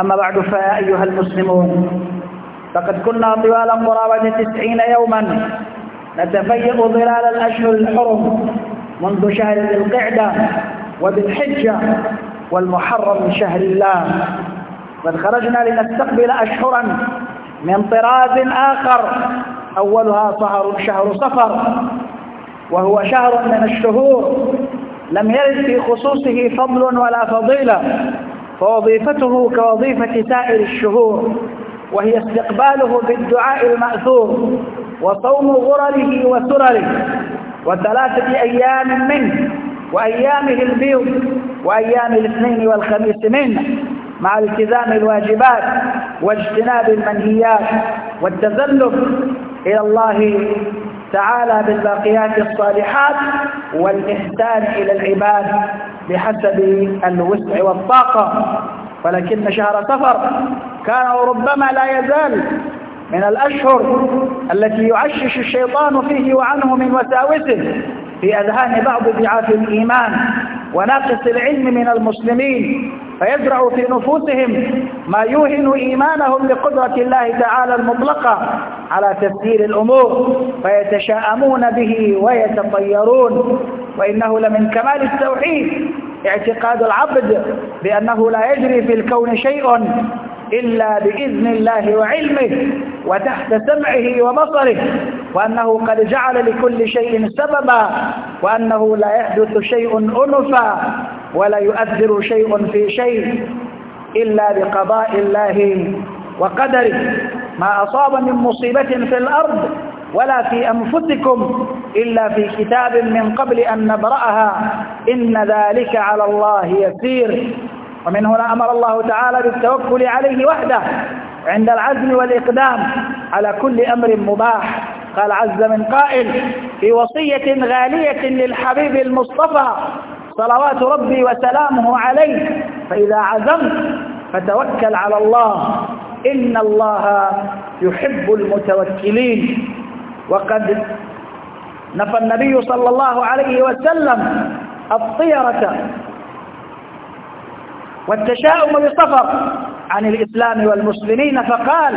أما بعد فيا أيها المسلمون فقد كنا طوال قرابة تسعين يوما نتفيق ظلال الأشهر الحرم منذ شهر ذي القعدة وبالحجة والمحرم من شهر الله قد خرجنا لنستقبل أشهرا من طراز آخر أولها صهر شهر صفر وهو شهر من الشهور لم يرد في خصوصه فضل ولا فضيلة فوظيفته كوظيفة سائر الشهور وهي استقباله بالدعاء المأثور وصوم غرره وسرره وثلاثة أيام منه وأيامه البيض وأيام الاثنين والخميس منه مع التزام الواجبات واجتناب المنهيات والتزلف إلى الله تعالى بالباقيات الصالحات والإحسان إلى العباد بحسب الوسع والطاقة ولكن شهر سفر كان وربما لا يزال من الأشهر التي يعشش الشيطان فيه وعنه من وساوسه في أذهان بعض ضعاف الإيمان وناقص العلم من المسلمين فيزرع في نفوسهم ما يوهن إيمانهم بقدرة الله تعالى المطلقة على تسيير الأمور فيتشاءمون به ويتطيرون وإنه لمن كمال التوحيد اعتقاد العبد بأنه لا يجري في الكون شيء إلا بإذن الله وعلمه وتحت سمعه وبصره وأنه قد جعل لكل شيء سببا وأنه لا يحدث شيء أنفا ولا يؤثر شيء في شيء إلا بقضاء الله وقدره ما أصاب من مصيبة في الأرض ولا في أنفسكم إلا في كتاب من قبل أن نبرأها إن ذلك على الله يسير ومن هنا أمر الله تعالى بالتوكل عليه وحده عند العزم والإقدام على كل أمر مباح قال عز من قائل في وصية غالية للحبيب المصطفى صلوات ربي وسلامه عليه فإذا عزمت فتوكل على الله إن الله يحب المتوكلين وقد نفى النبي صلى الله عليه وسلم الطيرة والتشاؤم بسفر عن الإسلام والمسلمين فقال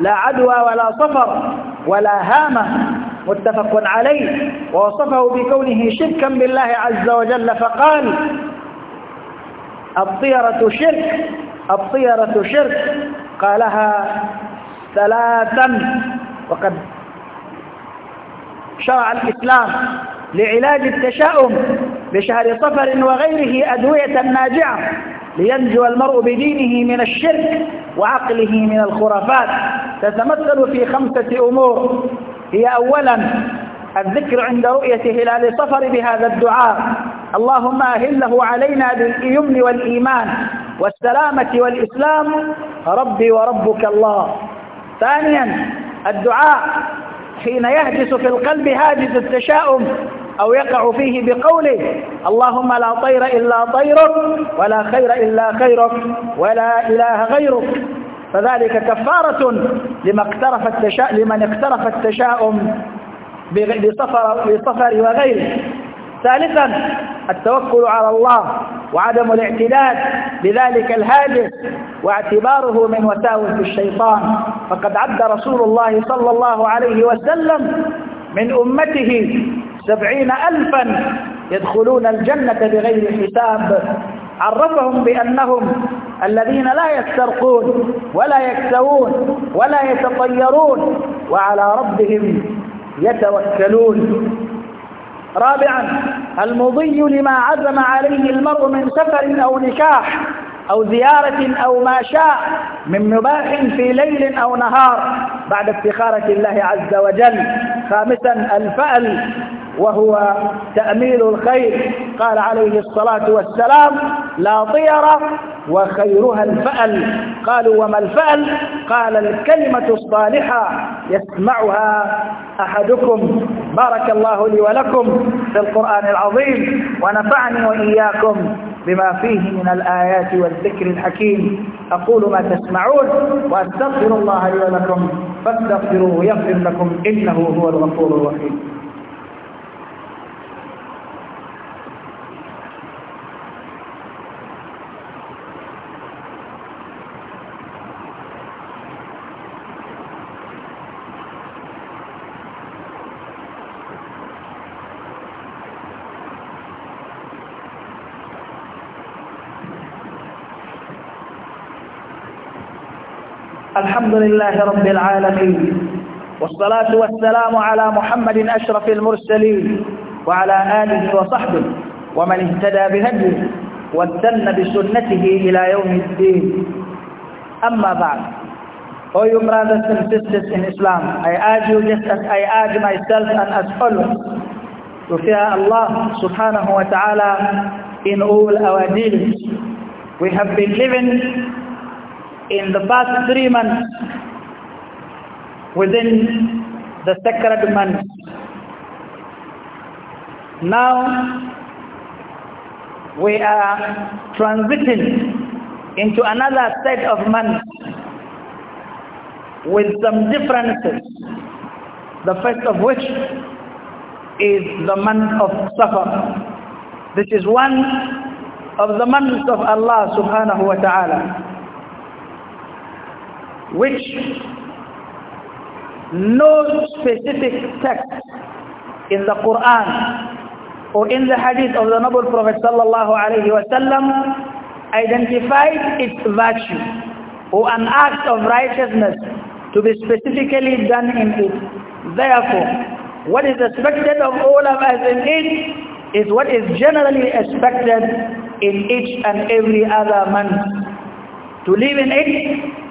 لا عدوى ولا صفر ولا هامة متفق عليه ووصفه بكونه شركا بالله عز وجل فقال الطيرة شرك الطيرة شرك قالها ثلاثا وقد شرع الإسلام لعلاج التشاؤم بشهر صفر وغيره أدوية ناجعة لينجو المرء بدينه من الشرك وعقله من الخرافات تتمثل في خمسة أمور هي أولا الذكر عند رؤية هلال صفر بهذا الدعاء اللهم أهله علينا باليمن والإيمان والسلامة والإسلام ربي وربك الله ثانيا الدعاء حين يهجس في القلب هاجس التشاؤم أو يقع فيه بقوله اللهم لا طير إلا طيرك ولا خير إلا خيرك ولا إله غيرك فذلك كفارة لما اقترف التشاء لمن اقترف التشاؤم بصفر, بصفر وغيره ثالثا التوكل على الله وعدم الاعتداد بذلك الهاجس واعتباره من وساوس الشيطان فقد عد رسول الله صلى الله عليه وسلم من أمته سبعين ألفا يدخلون الجنة بغير حساب عرفهم بأنهم الذين لا يسترقون ولا يكسوون ولا يتطيرون وعلى ربهم يتوكلون رابعا المضي لما عزم عليه المرء من سفر أو نكاح أو زيارة أو ما شاء من مباح في ليل أو نهار بعد افتخارة الله عز وجل خامسا الفأل وهو تأميل الخير قال عليه الصلاة والسلام لا طير وخيرها الفأل قالوا وما الفأل قال الكلمة الصالحة يسمعها أحدكم بارك الله لي ولكم في القرآن العظيم ونفعني وإياكم بما فيه من الآيات والذكر الحكيم أقول ما تسمعون وأستغفر الله لي ولكم فاستغفروه يغفر لكم إنه هو الغفور الرحيم الحمد لله رب العالمين والصلاة والسلام على محمد أشرف المرسلين وعلى آله وصحبه ومن اهتدى بهديه واستنى بسنته إلى يوم الدين أما بعد Oh you brothers and sisters in Islam, I urge you just as I urge myself and as follows to fear Allah subhanahu wa ta'ala in all our dealings. We have been living in the past three months within the sacred month. Now we are transiting into another set of months with some differences, the first of which is the month of Safar. This is one of the months of Allah subhanahu wa ta'ala which no specific text in the Quran or in the hadith of the noble prophet sallallahu alaihi wasallam identified its virtue or an act of righteousness to be specifically done in it therefore what is expected of all of us in it is what is generally expected in each and every other month to live in it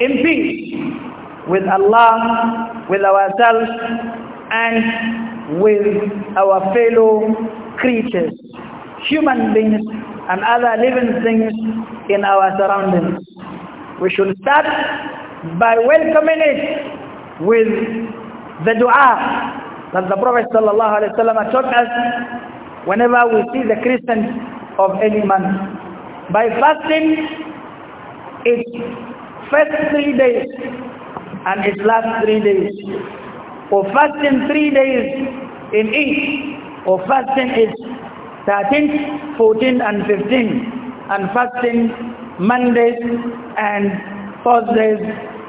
in peace with Allah, with ourselves, and with our fellow creatures, human beings and other living things in our surroundings. We should start by welcoming it with the dua that the Prophet ﷺ taught us whenever we see the Christian of any man. By fasting, it First three days and its last three days. Or fasting three days in each. Or fasting is 13th, 14th and 15th. And fasting Mondays and Thursdays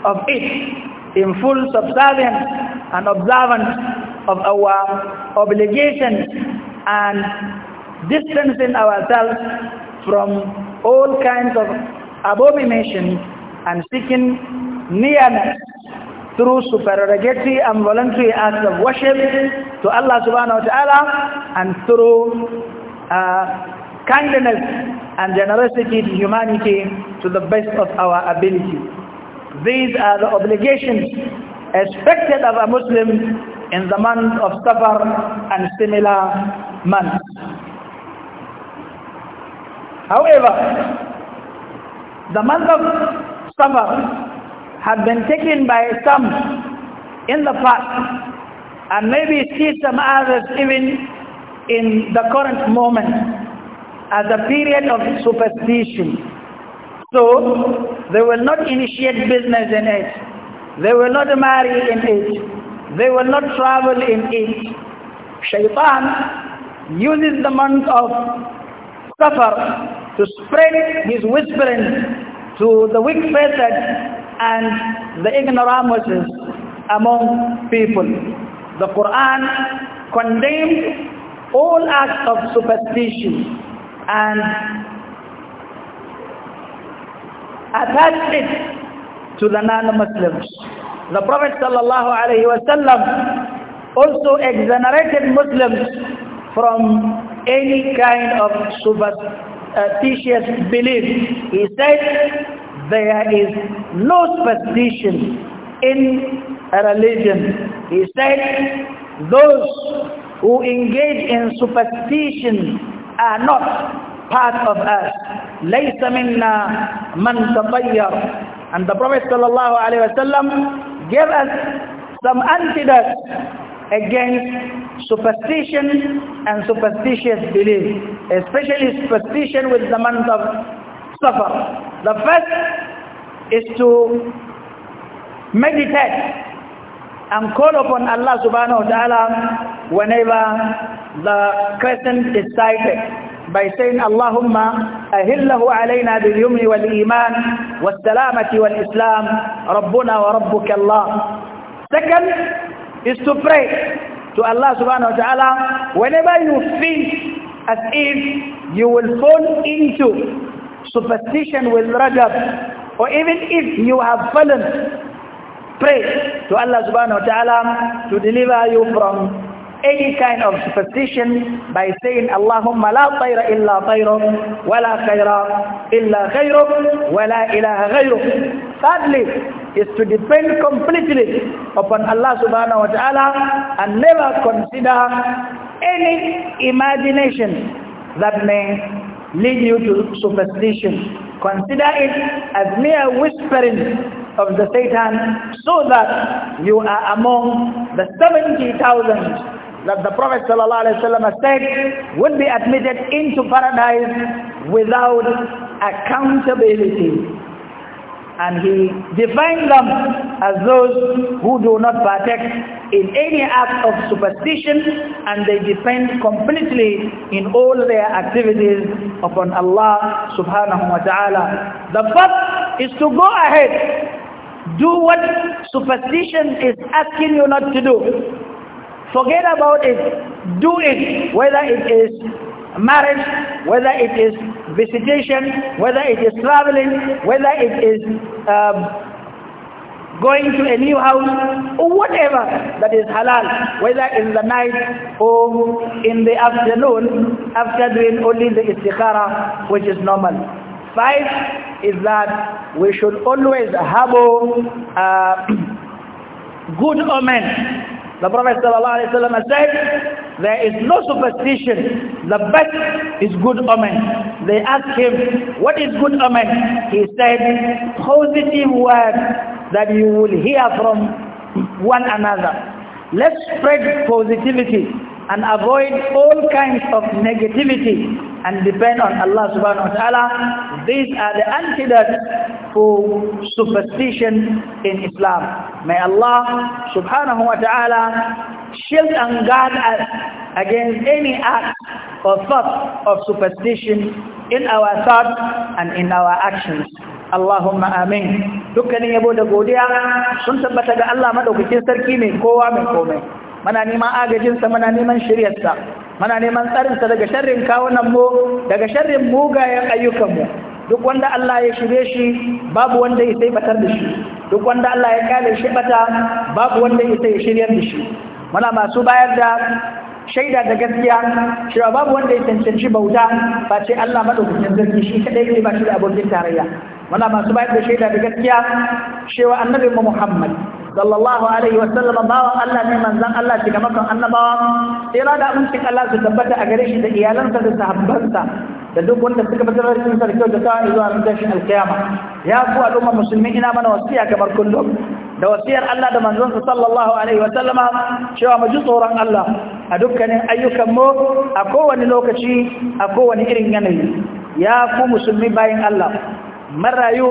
of each in full subservience and observance of our obligations and distancing ourselves from all kinds of abominations and seeking nearness through supererogatory and voluntary acts of worship to Allah subhanahu wa ta'ala and through uh, kindness and generosity to humanity to the best of our ability. These are the obligations expected of a Muslim in the month of Safar and similar months. However, the month of Suffer have been taken by some in the past and maybe see some others even in the current moment as a period of superstition. So they will not initiate business in it. They will not marry in it. They will not travel in it. Shaitan uses the month of Safar to spread his whisperings to the weak-fated and the ignoramuses among people. The Quran condemns all acts of superstition and attached it to the non-Muslims. The Prophet ﷺ also exonerated Muslims from any kind of superstition uh, superstitious belief. He said, there is no superstition in religion. He said, those who engage in superstition are not part of us. لَيْسَ مِنَّا مَنْ تَطَيَّرُ And the Prophet ﷺ gave us some antidotes against superstition and superstitious belief, especially superstition with the month of Safar. The first is to meditate and call upon Allah subhanahu wa ta'ala whenever the crescent is sighted by saying Allahumma ahillahu alayna bil yumni wal iman was salamati wal islam rabbuna wa rabbuka Allah second is to pray to Allah subhanahu wa ta'ala whenever you feel as if you will fall into superstition with Rajab or even if you have fallen pray to Allah subhanahu wa ta'ala to deliver you from any kind of superstition by saying Allahumma la tayra illa tayruk wa la khayra illa khayruk wa la ilaha ghayruk thirdly is to depend completely upon Allah subhanahu wa ta'ala and never consider any imagination that may lead you to superstition consider it as mere whispering of the Satan so that you are among the 70,000 that the Prophet ﷺ said will be admitted into paradise without accountability. And he defined them as those who do not partake in any act of superstition and they depend completely in all their activities upon Allah subhanahu wa ta'ala. The first is to go ahead. Do what superstition is asking you not to do. Forget about it. Do it. Whether it is marriage, whether it is visitation, whether it is traveling, whether it is um, going to a new house, or whatever that is halal, whether in the night or in the afternoon after doing only the istikhara, which is normal. Five is that we should always have a uh, good omen the Prophet said, there is no superstition. The best is good omen. They asked him, what is good omen? He said, positive words that you will hear from one another. Let's spread positivity and avoid all kinds of negativity and depend on Allah subhanahu wa ta'ala. These are the antidote for superstition in Islam. May Allah subhanahu wa ta'ala shield and guard us against any act or thought of superstition in our thoughts and in our actions. Allahumma amin. Dukkanin yabo da godiya sun tabbata ga Allah madaukakin sarki mai kowa mai komai. Muna neman agajinsa, muna neman shiryarsa, muna neman tsarinsa daga sharrin kawunan mu, daga sharrin mugayen ayyukan mu. duk wanda Allah ya shirye shi babu wanda ya sai batar da shi duk wanda Allah ya kale shi bata babu wanda ya sai shiryar da shi muna masu bayar da shaida da gaskiya cewa babu wanda ya cancanci bauta ba ce Allah madaukakin sarki shi kadai ne ba shi da abokin tarayya muna masu bayar da shaida da gaskiya cewa annabi Muhammad sallallahu alaihi wa sallam bawa Allah ne manzon Allah shiga makan annabawa sai da abincin Allah su tabbata a gare shi da iyalansa da sahabbansa da duk wanda suka fitar da cikin sarki da ta zuwa ran tashin alkiyama ya ku al'umma musulmi ina mana wasiya kamar kullum da wasiyar Allah da manzonsa sallallahu alaihi wa sallama cewa mu ji tsoron Allah a dukkanin ayyukan mu a kowane lokaci a kowane irin yanayi ya ku musulmi bayin Allah marayu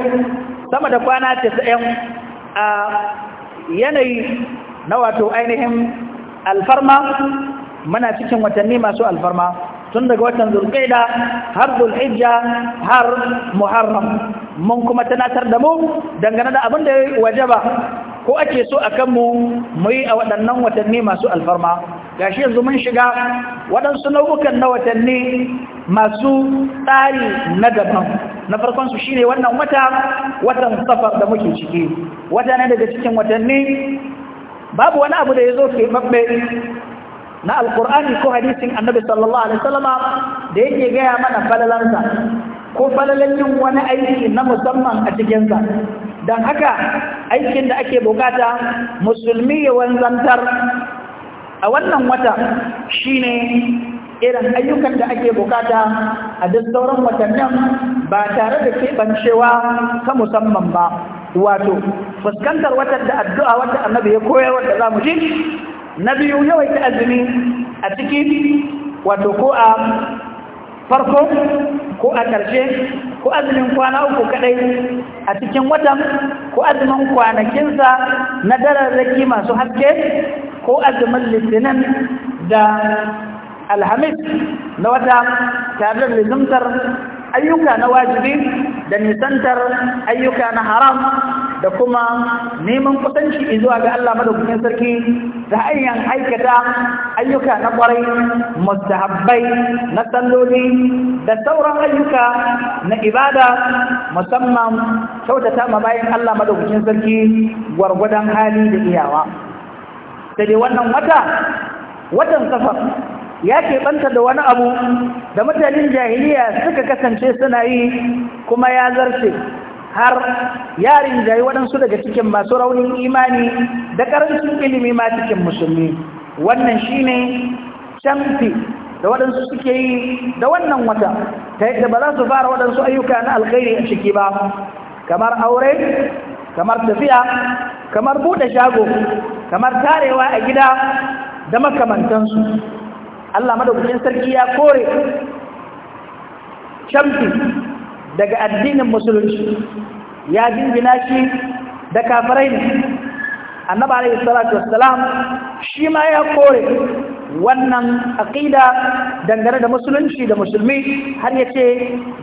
sama da kwana 90 a yanayi na wato ainihin alfarma muna cikin watanni masu alfarma tun daga watan zulqaida har zulhijja har muharram mun kuma tunatar da mu dangane da abin da ya wajaba ko ake so a kanmu mu yi a waɗannan watanni masu alfarma gashi yanzu mun shiga waɗansu nau'ukan na watanni masu tsari na daban na farkon su shine wannan wata watan safar da muke ciki wata ne daga cikin watanni babu wani abu da ya zo keɓaɓɓe na alkur'ani ko hadisin annabi sallallahu alaihi wasallama da yake gaya mana falalansa ko falalan yin wani aiki na musamman a cikinsa don haka aikin da ake bukata musulmi ya wanzantar a wannan wata shine irin ayyukan da ake bukata a duk sauran watannin ba tare da keɓancewa ta musamman ba wato fuskantar watan da addu'a wata annabi ya koyar wanda za mu ji na biyu yawaita azumi a ciki wato ko a farko ko a ƙarshe ko azumin kwana uku kaɗai a cikin watan ko azumin kwanakinsa na dararraki masu haske ko azumin litinin da alhamis na wata tare da ayyuka na wajibi da nisantar ayyuka na haram da kuma neman kusanci zuwa ga Allah madaukakin sarki da hanyar aikata ayyuka na kwarai mustahabbai na salloli da sauran ayyuka na ibada musamman kyautata ma bayan Allah madaukakin sarki gwargwadon hali da iyawa ta dai wannan wata watan safa ya keɓanta da wani abu da mutanen jahiliya suka kasance suna yi kuma ya zarce har yarin yi waɗansu daga cikin masu raunin imani da ƙarancin ilimi ma cikin musulmi wannan shi ne canfi da waɗansu suke yi da wannan wata ta yadda ba za su fara waɗansu ayyuka na alkhairi a ciki ba kamar aure kamar tafiya kamar buɗe shago kamar tarewa a gida da makamantansu Allah madaukakin sarki ya kore canfi daga addinin musulunci ya jingina shi da kafirai ne annabi alayhi salatu wassalam shi ma ya kore wannan aqida dangane da musulunci da musulmi har yace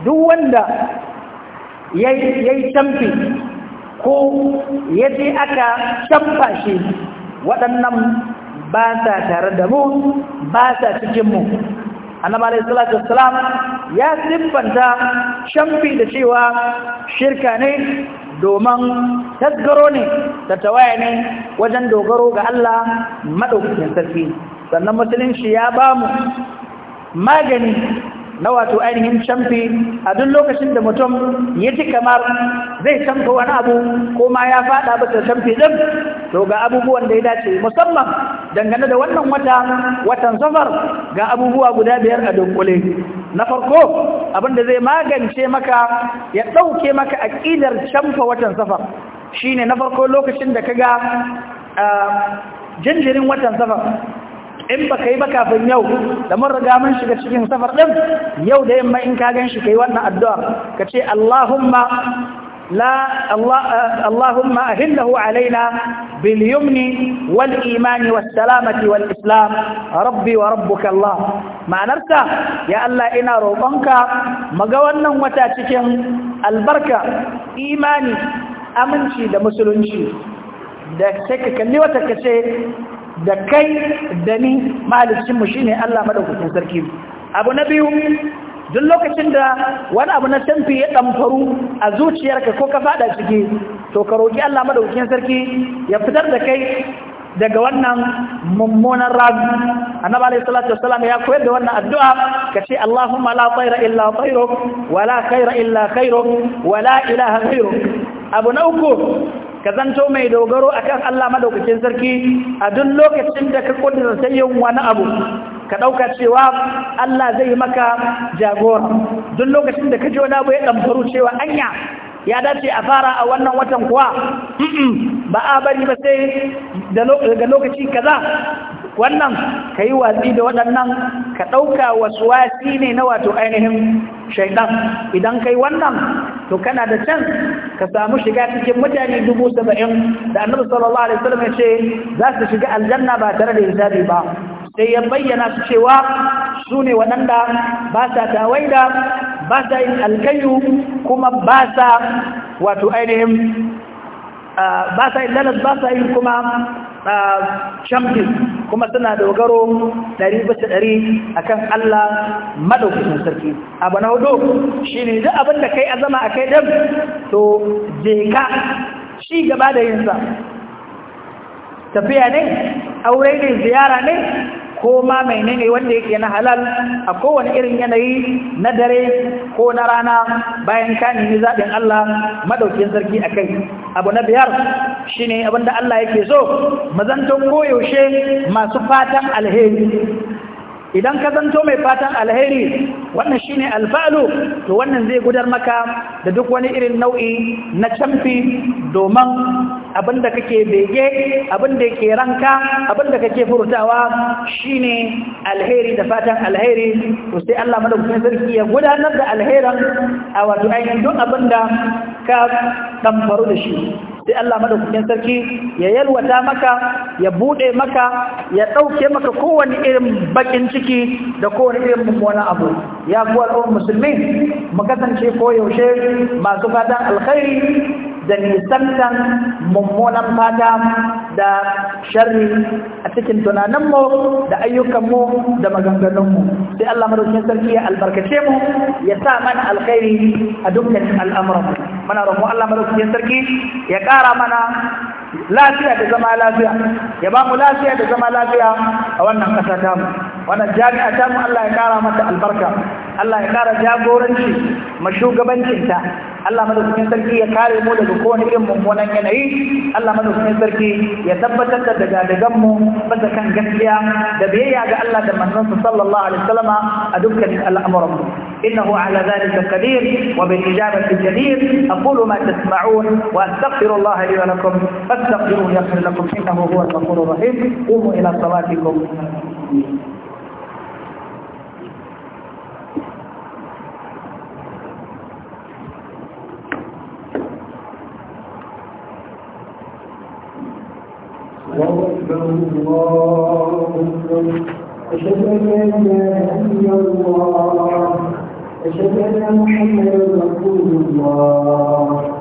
duk wanda yayi tamfi ko yace aka tamfa shi waɗannan ba sa tare da mu ba sa cikin mu annabi alayhi salatu wassalam ya siffanta shamfi da cewa shirka ne domin tasgaro ne da tawaye ne wajen dogaro ga Allah madaukakin sarki sannan musulunci ya bamu magani na wato ainihin camfi a duk lokacin da mutum ya ji kamar zai camfa wani abu ko ma ya fada bisa camfi ɗin, to ga abubuwan da ya dace musamman dangane da wannan wata watan safar ga abubuwa guda biyar a dunkule na farko abin da zai magance maka ya ɗauke maka aƙidar camfa watan safar shine na farko lokacin da ka ga ah, jinjirin watan safar in ba ka yi ba kafin yau da mun riga mun shiga cikin safar ɗin yau da yamma in ka gan shi ka yi wannan addu’ar ka ce Allahumma a hinnahu alaina biliyumni wal imani wa salamati wal islam rabbi wa rabbuka Allah ma'anarta ya Allah ina roƙonka maga wannan wata cikin albarka imani aminci da musulunci da ka kalli wata ka ce da kai da ni mahalicinmu shi ne Allah maɗaukacin sarki abu na biyu duk lokacin da wani abu na canfi ya ɗamfaru a zuciyarka ko ka faɗa ciki to ka roƙi Allah maɗaukacin sarki ya fitar da kai daga wannan mummunan rabi annabi alayhi salatu wassalam ya koyar da wannan addu'a kace Allahumma la tayra illa tayruk wa la khayra illa khayruk wa la ilaha ghayruk abu na uku ka zanto mai dogaro a kan Allah madaukakin sarki a duk lokacin da ka kudura yin wani abu ka dauka cewa Allah zai maka jagora duk lokacin da ka ji wani abu ya damfaru cewa anya ya dace a fara a wannan watan kuwa ba a bari ba sai daga lokaci kaza wannan ka yi watsi da waɗannan ka ɗauka wasu wasi ne na wato ainihin shaidan idan ka yi wannan to kana da can ka samu shiga cikin mutane dubu saba'in da annabi sallallahu alaihi wasallam ya ce za su shiga aljanna ba tare da hisabi ba sai ya bayyana su cewa su ne waɗanda ba sa tawaida ba sa yin alkayu kuma ba sa wato ainihin ah, ba sa yin lalas ba sa yin kuma champion kuma suna dogaro ɗari bisa ɗari akan Allah madaukakin sarki abu na hudu shine duk abin da kai azama kai dam to je ka shi gaba da yinsa tafiya ne aure ne ziyara ne ko ma menene wanda yake na halal a kowane irin yanayi na dare ko na rana bayan ka ne zaɓin Allah madaukin sarki a kai abu na biyar shi ne abinda Allah yake so mazanto koyaushe masu fatan alheri idan ka zanto mai fatan alheri wannan shine alfalu to wannan zai gudar maka da duk wani irin nau'i na camfi domin abinda kake bege abinda ke ranka abinda kake furtawa shine alheri da fatan alheri to sai Allah madaukakin sarki ya gudanar da alheran a wato ainihin duk abinda ka tambaru da shi sai Allah madaukakin sarki ya yalwata maka ya bude maka ya dauke maka kowanne irin bakin ciki da kowanne irin mummunan abu ya kuwa al'ummar musulmi mu kasance koyaushe masu fatan alkhairi da nisantan mummunan fata da sharri a cikin tunaninmu da ayyukanmu da maganganunmu sai Allah madaukakin sarki ya albarkace mu ya sa mana alkhairi a dukkan al'amuranmu muna roƙon Allah madaukakin sarki ya ƙara mana lafiya da zama lafiya ya ba mu lafiya da zama lafiya a wannan ƙasa ta mu wannan jami'a ta mu Allah ya kara mata albarka Allah ya kara jagoranci ma ta Allah madaukakin sarki ya kare mu daga kowane irin mummunan yanayi Allah madaukakin sarki ya tabbatar da daga dagan mu bisa kan gaskiya da biyayya ga Allah da manzon sallallahu alaihi wasallama a dukkan al'amuran mu إنه على ذلك قدير وبالإجابة جدير أقول ما تسمعون وأستغفر الله لي ولكم فاستغفروه يغفر لكم إنه هو الغفور الرحيم قوموا إلى صلاتكم الله أكبر أشهد أن لا إله إلا الله أشهد أن محمدا رسول الله